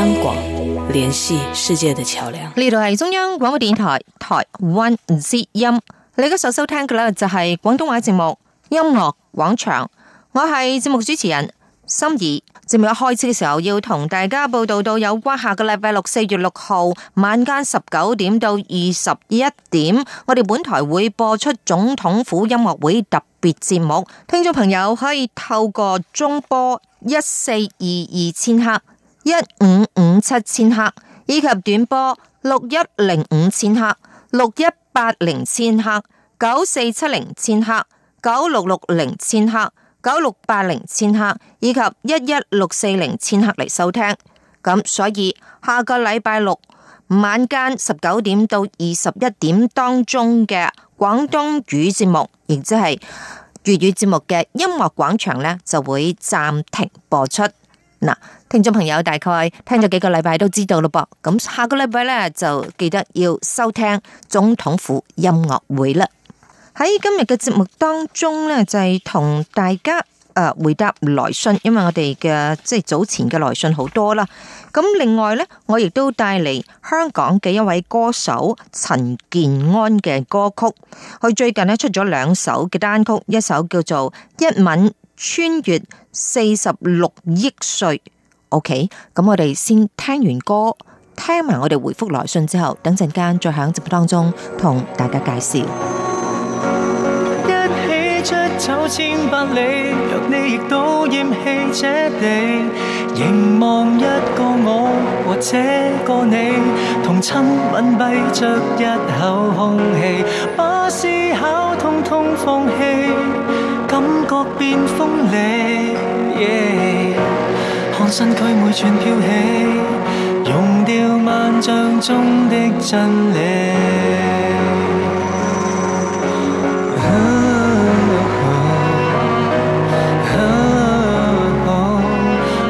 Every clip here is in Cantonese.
香港聯繫世界的橋樑，呢度係中央廣播電台台灣之音。你而家所收聽嘅咧，就係廣東話節目，音樂廣場。我係節目主持人心儀。節目一開始嘅時候，要同大家報道到有關下個禮拜六四月六號晚間十九點到二十一點，我哋本台會播出總統府音樂會特別節目。聽眾朋友可以透過中波一四二二千赫。一五五七千克，以及短波六一零五千克、六一八零千克、九四七零千克、九六六零千克、九六八零千克，以及一一六四零千克嚟收聽。咁所以下個禮拜六晚間十九點到二十一點當中嘅廣東語節目，亦即係粵語節目嘅音樂廣場呢，就會暫停播出。嗱，聽眾朋友大概聽咗幾個禮拜都知道咯噃，咁下個禮拜咧就記得要收聽總統府音樂會啦。喺今日嘅節目當中咧，就係、是、同大家誒、呃、回答來信，因為我哋嘅即係早前嘅來信好多啦。咁另外咧，我亦都帶嚟香港嘅一位歌手陳健安嘅歌曲，佢最近咧出咗兩首嘅單曲，一首叫做《一吻》穿越四十六億歲，OK，咁我哋先聽完歌，聽埋我哋回覆來信之後，等陣間再響節目當中同大家介紹。 一起感覺變鋒利、yeah，看身軀每寸飄起，溶掉萬象中的真理。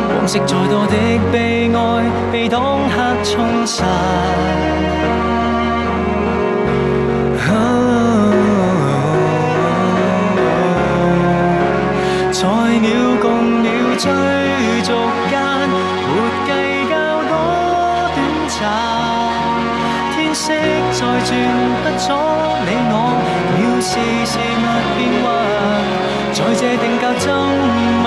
往、啊、昔、啊啊啊、再多的悲哀，被當刻沖散。鎖你我，要事事物變化，在這定格中。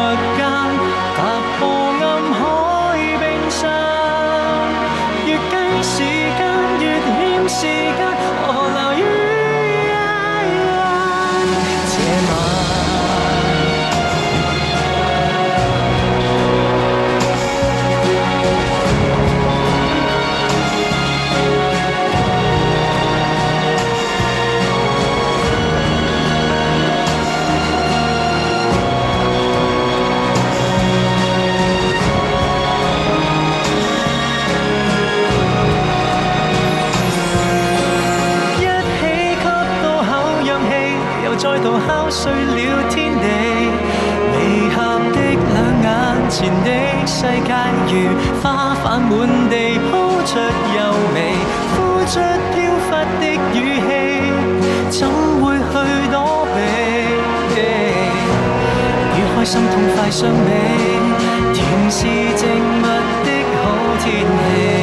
碎了天地，微合的兩眼前的世界如花瓣滿地鋪出優美，呼出飄忽的語氣，怎會去躲避？與、yeah. 開心痛快相比，甜是靜默的好天氣。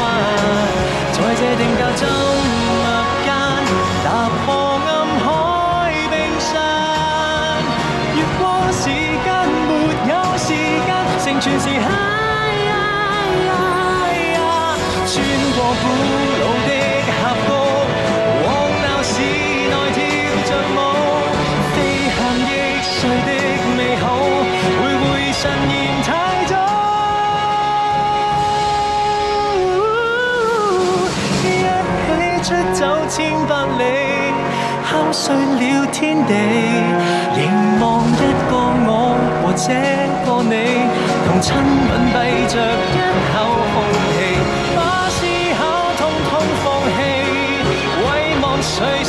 古老的峽谷，往鬧市內跳着舞，飛向易碎的美好，會會神現太早。 一起出走千百里，敲碎了天地，凝望一個我和這個你，同親吻閉着。一口。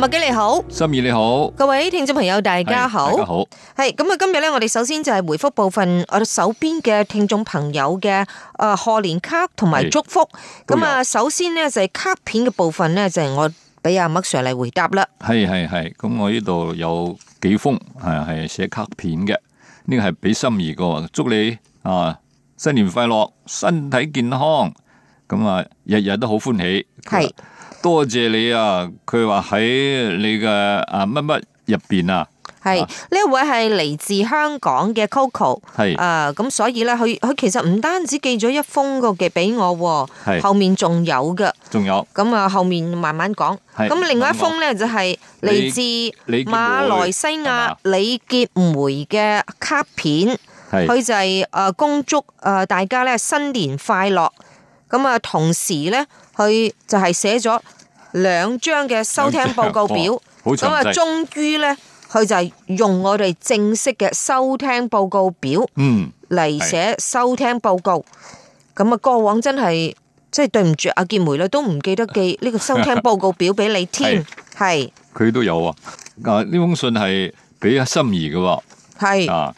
麥基你好，心怡你好，各位聽眾朋友大家好，大家好，係咁啊！今日咧，我哋首先就係回覆部分我哋手邊嘅聽眾朋友嘅誒賀年卡同埋祝福。咁啊，首先呢，就係卡片嘅部分呢，就係我俾阿麥 sir 嚟回答啦。係係係，咁我呢度有幾封係係寫卡片嘅，呢、這個係俾心怡個，祝你啊新年快樂，身體健康，咁啊日日都好歡喜。係。多謝你啊！佢話喺你嘅啊乜乜入邊啊，係呢、啊、一位係嚟自香港嘅 Coco，係啊咁所以咧，佢佢其實唔單止寄咗一封個嘅俾我，係後面仲有嘅，仲有咁啊，後面慢慢講。咁另外一封咧就係、是、嚟自馬來西亞李杰梅嘅卡片，佢就係啊恭祝啊大家咧新年快樂。咁啊，同時咧，佢就係寫咗兩張嘅收聽報告表。咁 啊、哦，好詳細，終於咧，佢就係用我哋正式嘅收聽報告表，嗯，嚟寫收聽報告。咁、嗯、啊，是過往真係，即係對唔住阿杰梅啦，都唔記得寄呢個收聽報告表俾你添，係 。佢都有啊，啊呢封信係俾阿心儀嘅，係啊，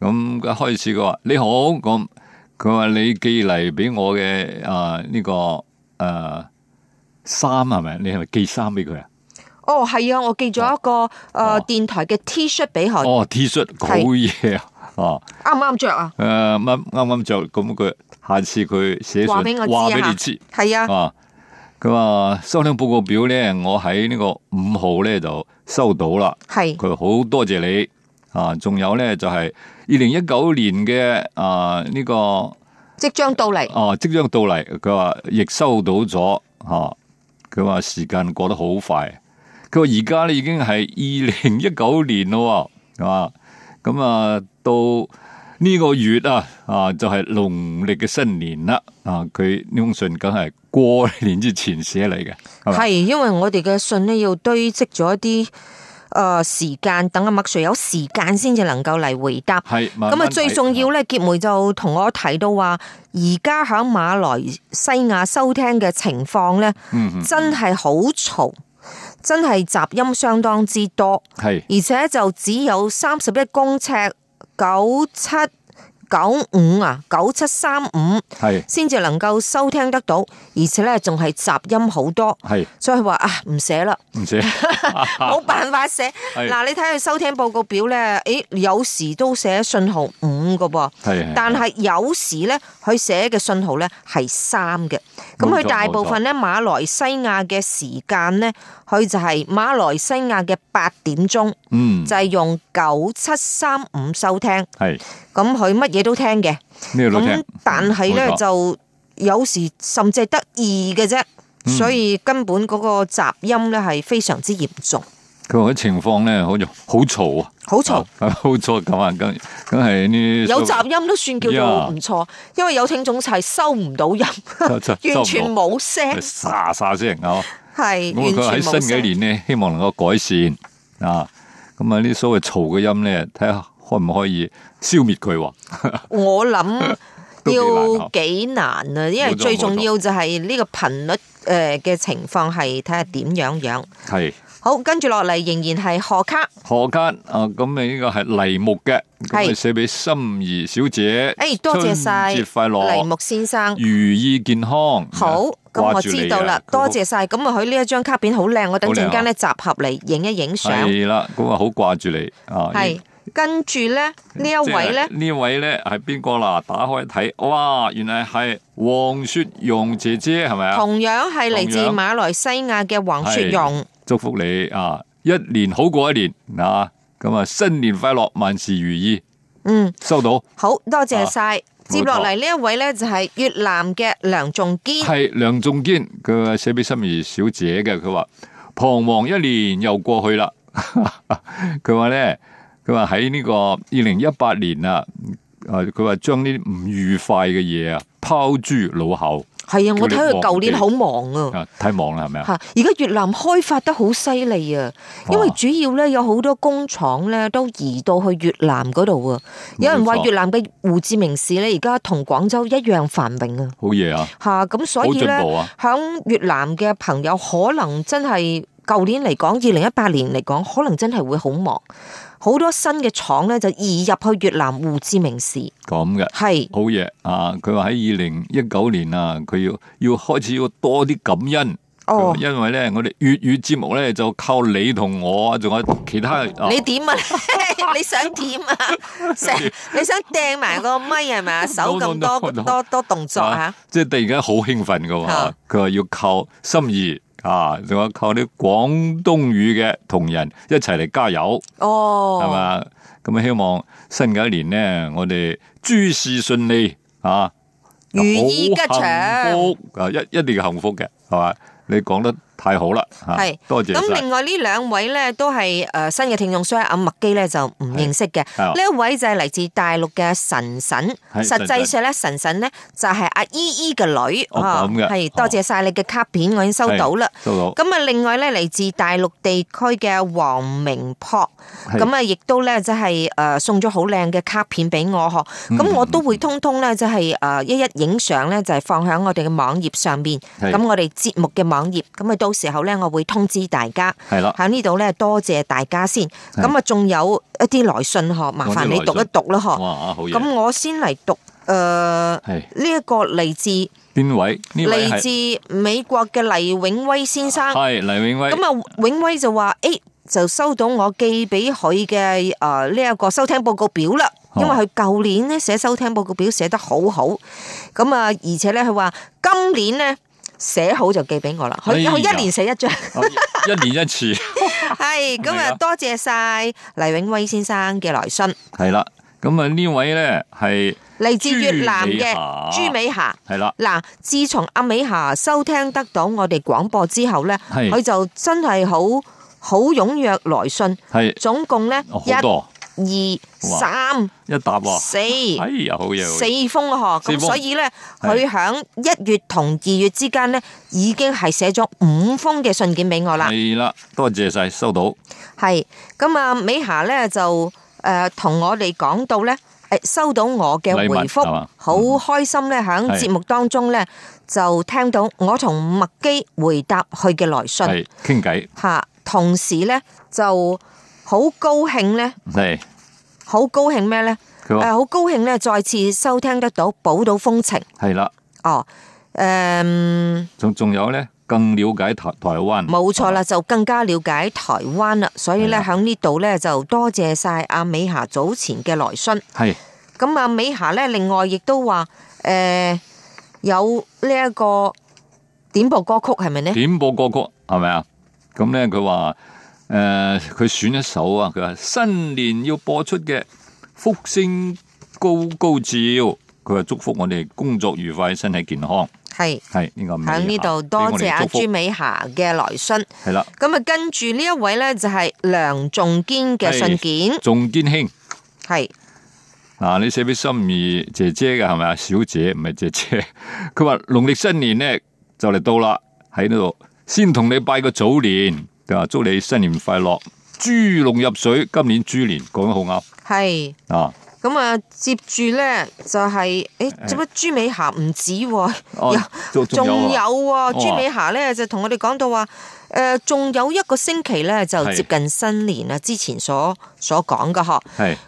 咁一、啊、開始嘅話，你好咁。佢話你寄嚟俾我嘅，啊呢、這個誒，衫係咪？你係咪寄衫俾佢啊？哦，係啊，我寄咗一個誒電台嘅 T-shirt 俾佢。哦 T-shirt 好嘢啊！哦，啱唔啱着啊？誒、啊，啱啱着。咁佢下次佢寫信俾我話俾、啊、你知。係啊。佢、啊、話收聽報告表咧，我喺呢個五號咧就收到啦。係。佢好多謝你。啊，仲有咧就係二零一九年嘅啊呢個即將到嚟，啊、這個、即將到嚟，佢話亦收到咗吓，佢、啊、話時間過得好快，佢話而家咧已經係二零一九年咯，係嘛？咁啊，啊到呢個月啊啊就係農曆嘅新年啦，啊佢呢封信梗係過年之前寫嚟嘅，係因為我哋嘅信呢要堆積咗一啲。誒、呃，時間等阿麥穗有時間先至能夠嚟回答。係，咁啊，最重要咧，傑梅就同我提到話，而家喺馬來西亞收聽嘅情況咧、嗯嗯，真係好嘈，真係雜音相當之多。係，而且就只有三十一公尺九七。9, 7, 九五啊，九七三五，係，先至能夠收聽得到，而且咧仲係雜音好多，係，所以話啊唔寫 啦，唔寫，冇辦法寫。嗱，你睇佢收聽報告表咧，誒，有時都寫信號五個噃，係，但係有時咧佢寫嘅信號咧係三嘅，咁佢大部分咧馬來西亞嘅時間咧，佢就係馬來西亞嘅八點鐘，嗯，就係、是、用九七三五收聽，係。咁佢乜嘢都聽嘅，咁但係咧、嗯、就有時甚至係得意嘅啫，所以根本嗰個雜音咧係非常之嚴重。佢嗰個情況咧好嘈，好嘈啊！好嘈，好嘈咁啊！咁咁係呢？有雜音都算叫做唔錯、嗯，因為有聽眾係收唔到音，完全冇聲，沙沙聲啊！係完全冇聲。喺新嘅一年咧，希望能夠改善啊！咁啊，呢所謂嘈嘅音咧，睇下。可唔可以消滅佢？我諗要幾難啊！因為最重要就係呢個頻率誒嘅情況係睇下點樣樣。係好，跟住落嚟仍然係賀卡。賀卡啊，咁你呢個係黎木嘅，咁咪寫俾心儀小姐。誒，多謝晒，春節快樂，黎木先生，如意健康。好，咁我知道啦，多謝晒。咁啊，喺呢一張卡片好靚，我等陣間咧集合嚟影一影相。係啦，咁啊，好掛住你啊。係。跟住咧，呢一位咧，呢位咧係邊個啦？打開睇，哇，原來係黃雪蓉姐姐，係咪啊？同樣係嚟自馬來西亞嘅黃雪蓉。祝福你啊，一年好過一年。嗱，咁啊，新年快樂，萬事如意。嗯，收到。好多謝晒。接落嚟呢一位咧就係越南嘅梁仲堅，係梁仲堅佢寫俾心儀小姐嘅。佢話彷徨一年又過去啦。佢話咧。佢話喺呢個二零一八年啊，誒，佢話將啲唔愉快嘅嘢啊拋諸腦後。係啊，我睇佢舊年好忙啊，啊。太忙啦，係咪啊？吓，而家越南開發得好犀利啊，因為主要咧有好多工廠咧都移到去越南嗰度啊。有人話越南嘅胡志明市咧，而家同廣州一樣繁榮啊。好嘢啊！吓，啊，咁所以咧，響，啊，越南嘅朋友可能真係舊年嚟講，二零一八年嚟講，可能真係會好忙。好多新嘅廠咧就移入去越南胡志明市。咁嘅係好嘢啊！佢話喺二零一九年啊，佢要要開始要多啲感恩哦，因為咧我哋粵語節目咧就靠你同我啊，仲有其他。哦、你點啊？ 你想點啊？ 你想掟埋個咪係咪啊？ 手咁麼多 多多,多,多動作吓、啊啊，即係突然間好興奮嘅話，佢話要靠心意。啊，仲有靠啲廣東語嘅同仁一齊嚟加油，哦，係嘛？咁啊，希望新嘅一年咧，我哋諸事順利啊，如意吉祥，啊一一定要幸福嘅，係嘛？你講得～太好啦，係多謝。咁另外這兩呢兩位咧都係誒、呃、新嘅聽眾，所以阿麥基咧就唔認識嘅。呢一位就係嚟自大陸嘅神神，實際上咧神神咧就係、是、阿姨姨嘅女。哦，的哦是多謝晒你嘅卡片，哦，我已經收到啦。咁啊，另外咧嚟自大陸地區嘅黃明樸，咁啊亦都咧即係誒送咗好靚嘅卡片俾我呵。咁、嗯、我都會通通咧即係誒一一影相咧，就係、是、放喺我哋嘅網頁上面。咁我哋節目嘅網頁咁啊。到時候咧，我會通知大家。係啦，喺呢度咧，多謝大家先。咁啊，仲有一啲來信嗬，麻煩你讀一讀啦嗬。哇，好嘢！咁我先嚟讀誒，呢、呃、一、這個嚟自邊位？嚟自美國嘅黎永威先生。係黎永威。咁啊，永威就話誒、欸，就收到我寄俾佢嘅誒呢一個收聽報告表啦、哦。因為佢舊年咧寫收聽報告表寫得好好，咁啊，而且咧佢話今年咧。寫好就寄俾我啦，佢佢一年寫一張，一年一次。係咁啊，多謝晒黎永威先生嘅來信。係啦，咁啊呢位呢係嚟自越南嘅朱美霞。係啦，嗱，自從阿美霞收聽得到我哋廣播之後呢，佢就真係好好踴躍來信，總共呢一。二三一答啊，四哎呀好嘢，四封嗬。咁所以咧，佢響一月同二月之間咧，已經係寫咗五封嘅信件俾我啦。係啦，多謝晒收到。係咁啊，美霞咧就誒同、呃、我哋講到咧，誒收到我嘅回覆好開心咧。響節目當中咧，就聽到我同麥基回答佢嘅來信，傾偈。吓，同時咧就。好高興咧，係，好高興咩咧？佢話，誒，好高興咧，再次收聽得到寶島風情，係啦，哦，誒，仲仲有咧，更了解台台灣，冇錯啦，就更加了解台灣啦，所以咧，喺呢度咧就多謝晒阿美霞早前嘅來信，係，咁阿美霞咧，另外亦都話，誒，有呢一個點播歌曲係咪咧？點播歌曲係咪啊？咁咧佢話。誒、呃，佢選一首啊，佢話新年要播出嘅《福星高高照》，佢話祝福我哋工作愉快、身體健康。係係應該響呢度多謝、啊、朱美霞嘅來信。係啦，咁啊，跟住呢一位咧就係、是、梁仲堅嘅信件。仲堅兄，係啊，你寫俾心儀姐姐嘅係咪啊？小姐唔係姐姐，佢話農曆新年咧就嚟到啦，喺呢度先同你拜個早年。祝你新年快樂，豬籠入水，今年豬年講得好啱。係啊，咁、嗯、啊、嗯嗯，接住咧就係、是、誒，做、欸、乜朱美霞唔止喎、啊？仲、啊、有喎、啊啊？朱美霞咧就同我哋講到話。仲、呃、有一個星期咧，就接近新年喇！之前所所講嘅嗬，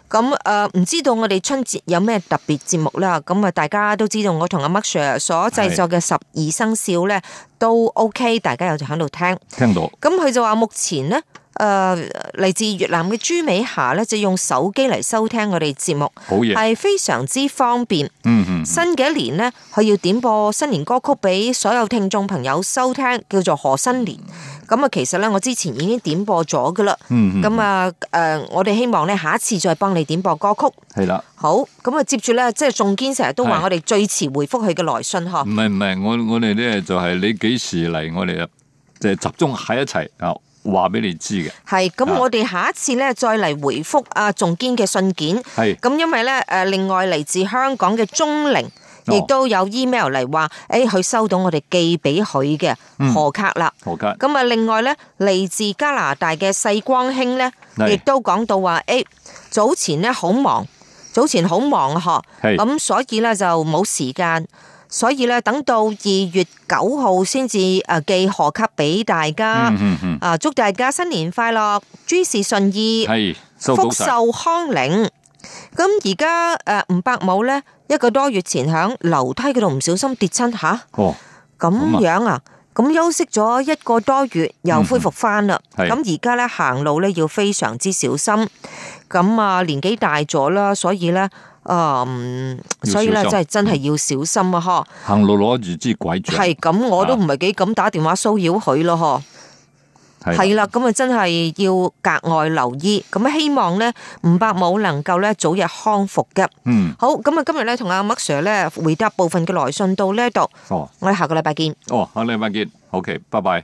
咁誒，唔、嗯呃、知道我哋春節有咩特別節目啦？咁、嗯、啊，大家都知道我同阿 Maxer 所製作嘅十二生肖咧都 OK，大家又就喺度聽，聽到。咁、嗯、佢就話目前呢，誒、呃、嚟自越南嘅朱美霞咧，就用手機嚟收聽我哋節目，好嘢，係非常之方便。嗯，嗯，嗯新嘅一年呢，佢要點播新年歌曲俾所有聽眾朋友收聽，叫做何新年。咁啊，其實咧，我之前已經點播咗噶啦。嗯嗯。咁啊，誒，我哋希望咧，下一次再幫你點播歌曲。係啦。好，咁啊，接住咧，即係仲堅成日都話我哋最遲回復佢嘅來信呵。唔係唔係，我我哋咧就係你幾時嚟，我哋啊？就集中喺一齊啊，話俾你知嘅。係，咁我哋下一次咧再嚟回復啊。仲堅嘅信件。係。咁因為咧，誒，另外嚟自香港嘅鍾玲。亦都有 email 嚟話，誒、哎，佢收到我哋寄俾佢嘅賀卡啦。賀卡。咁、嗯、啊，另外咧，嚟自加拿大嘅細光興咧，亦都講到話，誒、哎，早前咧好忙，早前好忙嗬。咁所以咧就冇時間，所以咧等到二月九號先至誒寄賀卡俾大家。啊、嗯嗯嗯，祝大家新年快樂，諸事順意，福壽康寧。咁而家誒，吳伯母咧。一個多月前喺樓梯嗰度唔小心跌親吓，咁、啊哦、樣啊，咁、嗯、休息咗一個多月又恢復翻啦。咁而家咧行路咧要非常之小心。咁啊年紀大咗啦，所以咧、呃，嗯，所以咧真係真係要小心啊！嗬，行路攞住支拐杖，係咁我都唔係幾敢打電話騷擾佢咯，嗬、啊。係啦，咁啊真係要格外留意，咁希望咧吳伯母能夠咧早日康復嘅。嗯，好，咁啊今日咧同阿 Mike Sir 咧回答部分嘅來信到呢一度。哦，我哋下個禮拜見。哦，下個禮拜見。OK，拜拜。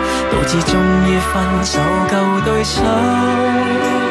導致終於分手舊對手。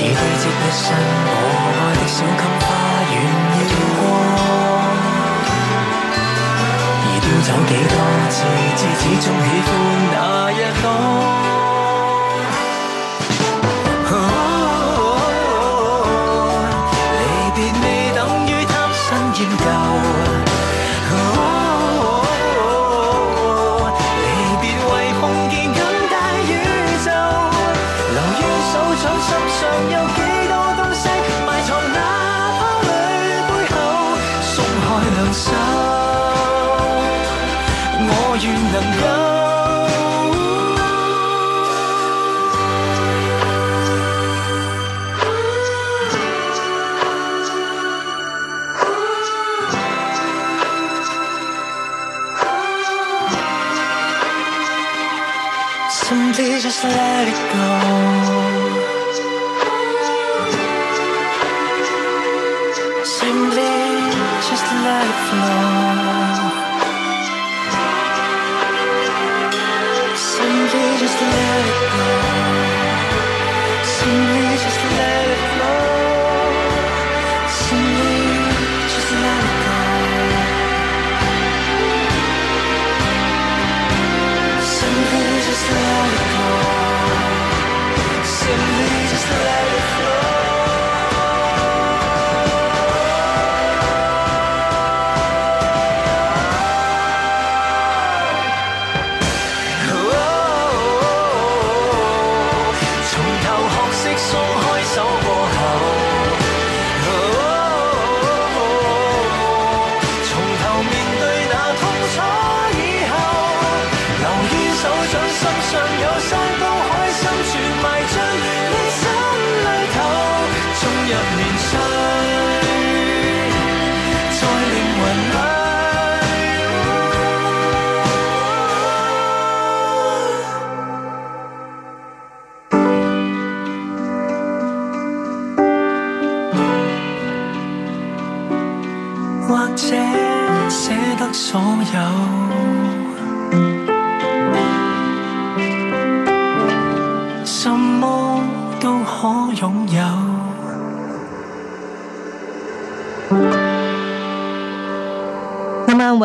似堆積一身，我愛的小金花遠要過，而丟走幾多次，次，至始終喜歡那一朵。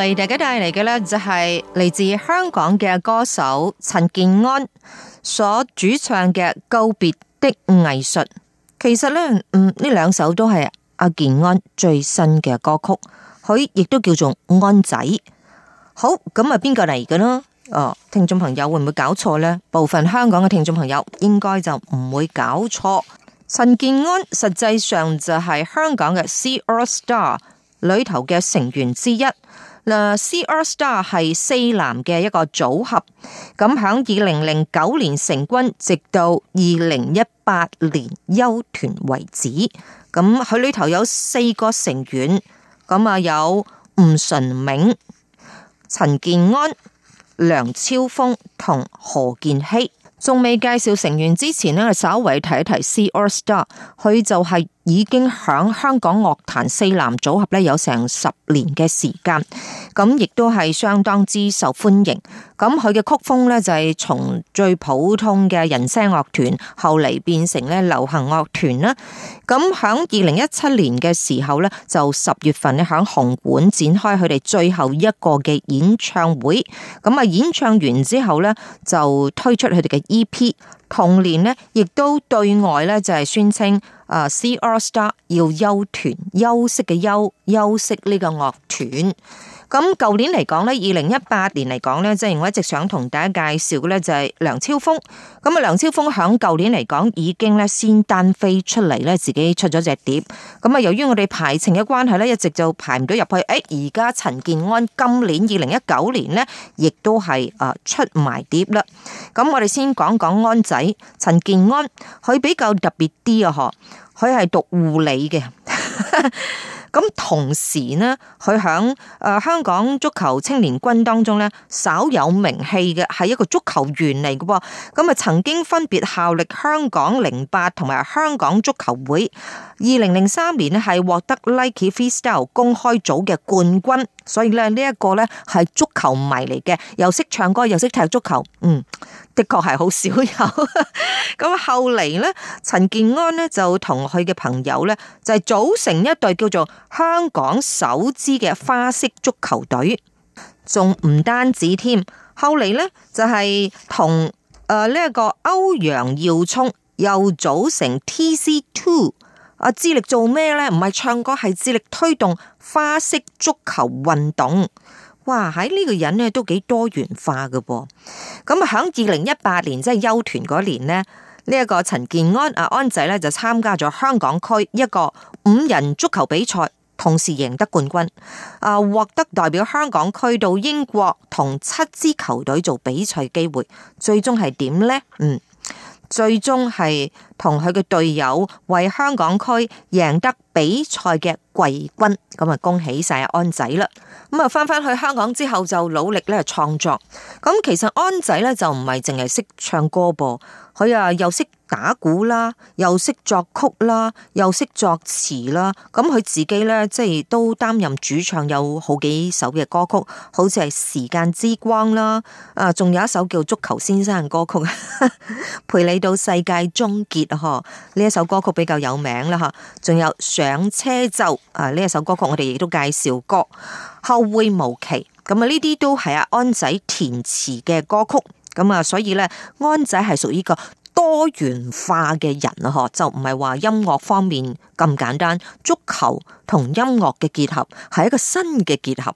為大家帶嚟嘅呢，就係嚟自香港嘅歌手陳健安所主唱嘅《告別的藝術》。其實呢，嗯，呢兩首都係阿健安最新嘅歌曲。佢亦都叫做安仔。好，咁啊，邊個嚟嘅呢？哦，聽眾朋友會唔會搞錯呢？部分香港嘅聽眾朋友應該就唔會搞錯。陳健安實際上就係香港嘅 C AllStar 裏頭嘅成員之一。嗱，C AllStar 係四男嘅一個組合，咁響二零零九年成軍，直到二零一八年休團為止。咁佢裏頭有四個成員，咁啊有吳崇銘、陳健安、梁超峰同何建熙。仲未介紹成員之前呢，稍微提一提 C AllStar，佢就係、是。已經響香港樂壇四男組合咧有成十年嘅時間，咁亦都係相當之受歡迎。咁佢嘅曲風呢，就係從最普通嘅人聲樂團，後嚟變成咧流行樂團啦。咁響二零一七年嘅時候呢，就十月份咧響紅館展開佢哋最後一個嘅演唱會。咁啊，演唱完之後呢，就推出佢哋嘅 EP。同年呢，亦都對外咧就係、是、宣稱，啊、uh，C AllStar 要休團、休息嘅休、休息呢個樂團。咁舊年嚟講咧，二零一八年嚟講咧，即係我一直想同大家介紹嘅咧，就係梁釗峰。咁啊，梁釗峰響舊年嚟講已經咧先單飛出嚟咧，自己出咗隻碟。咁啊，由於我哋排程嘅關係咧，一直就排唔到入去。誒，而家陳健安今年二零一九年咧，亦都係出埋碟啦。咁我哋先講講安仔陳健安，佢比較特別啲啊，嗬，佢係讀護理嘅。 咁同時呢，佢喺誒香港足球青年軍當中呢，稍有名氣嘅係一個足球員嚟嘅噃。咁啊，曾經分別效力香港零八同埋香港足球會。二零零三年咧，係獲得 Nike Freestyle 公開組嘅冠軍。所以咧，呢一個咧係足球迷嚟嘅，又識唱歌又識踢足球，嗯，的確係好少有 來呢。咁後嚟咧，陳健安咧就同佢嘅朋友咧就係組成一隊叫做香港首支嘅花式足球隊，仲唔單止添。後嚟咧就係同誒呢一個歐陽耀聰又組成 T.C.Two。啊！致力做咩呢？唔係唱歌，係致力推動花式足球運動。哇！喺呢個人呢都幾多元化㗎喎。咁響二零一八年即係休團嗰年呢，呢一個陳健安啊安仔呢就參加咗香港區一個五人足球比賽，同時贏得冠軍。啊，獲得代表香港區到英國同七支球隊做比賽機會，最終係點呢？嗯。最終係同佢嘅隊友為香港區贏得比賽嘅。貴君咁啊，恭喜晒阿安仔啦！咁啊，翻返去香港之後就努力咧創作。咁其實安仔咧就唔係淨係識唱歌噃，佢啊又識打鼓啦，又識作曲啦，又識作詞啦。咁佢自己咧即係都擔任主唱，有好幾首嘅歌曲，好似係《時間之光》啦，啊，仲有一首叫《足球先生》嘅歌曲， 《陪你到世界終結》啊嗬，呢一首歌曲比較有名啦吓。仲有上車就。啊！呢一首歌曲我哋亦都介紹過，後會無期。咁啊，呢啲都係安仔填詞嘅歌曲。咁啊，所以咧，安仔係屬於一個多元化嘅人啊。嗬，就唔係話音樂方面咁簡單，足球同音樂嘅結合係一個新嘅結合。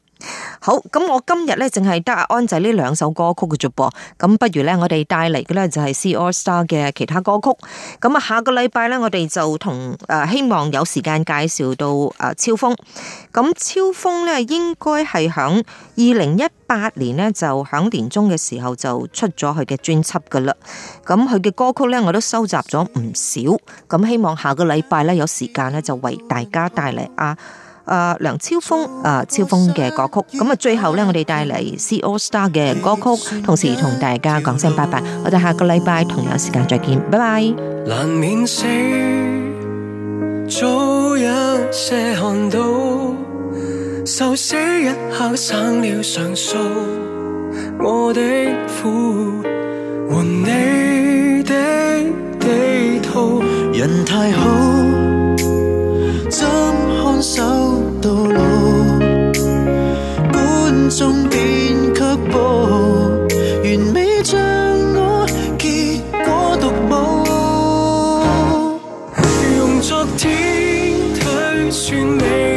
好咁，我今日咧淨係得阿安仔呢兩首歌曲嘅啫噃，咁不如咧我哋帶嚟嘅咧就係 C All Star 嘅其他歌曲，咁啊下個禮拜咧我哋就同誒，希望有時間介紹到誒釗峰，咁釗峰咧應該係響二零一八年呢，就響年中嘅時候就出咗佢嘅專輯噶啦，咁佢嘅歌曲咧我都收集咗唔少，咁希望下個禮拜咧有時間咧就為大家帶嚟啊。啊，梁釗峰啊，釗峰嘅歌曲，咁啊，最後呢，我哋帶嚟《C AllStar》嘅歌曲，同時同大家講聲拜拜，我哋下個禮拜同樣時間再見，拜拜。中便卻步，完美像我，結果獨舞， 用昨天推算你。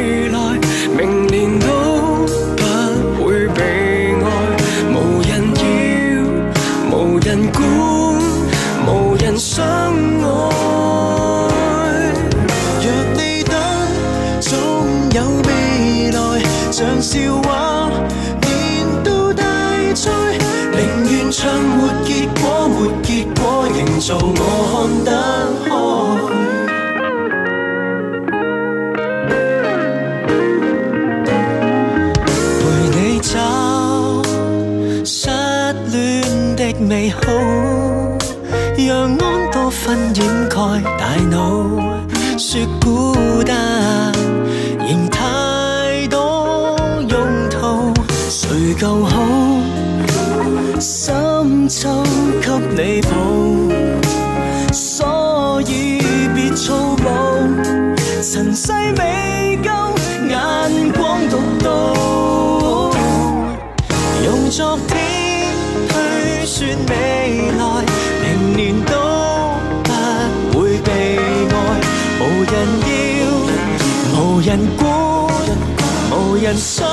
你抱，所以別粗暴。塵世未夠眼光獨到，用昨天去說未來，明年都不會被愛，無人要，無人管，無人想。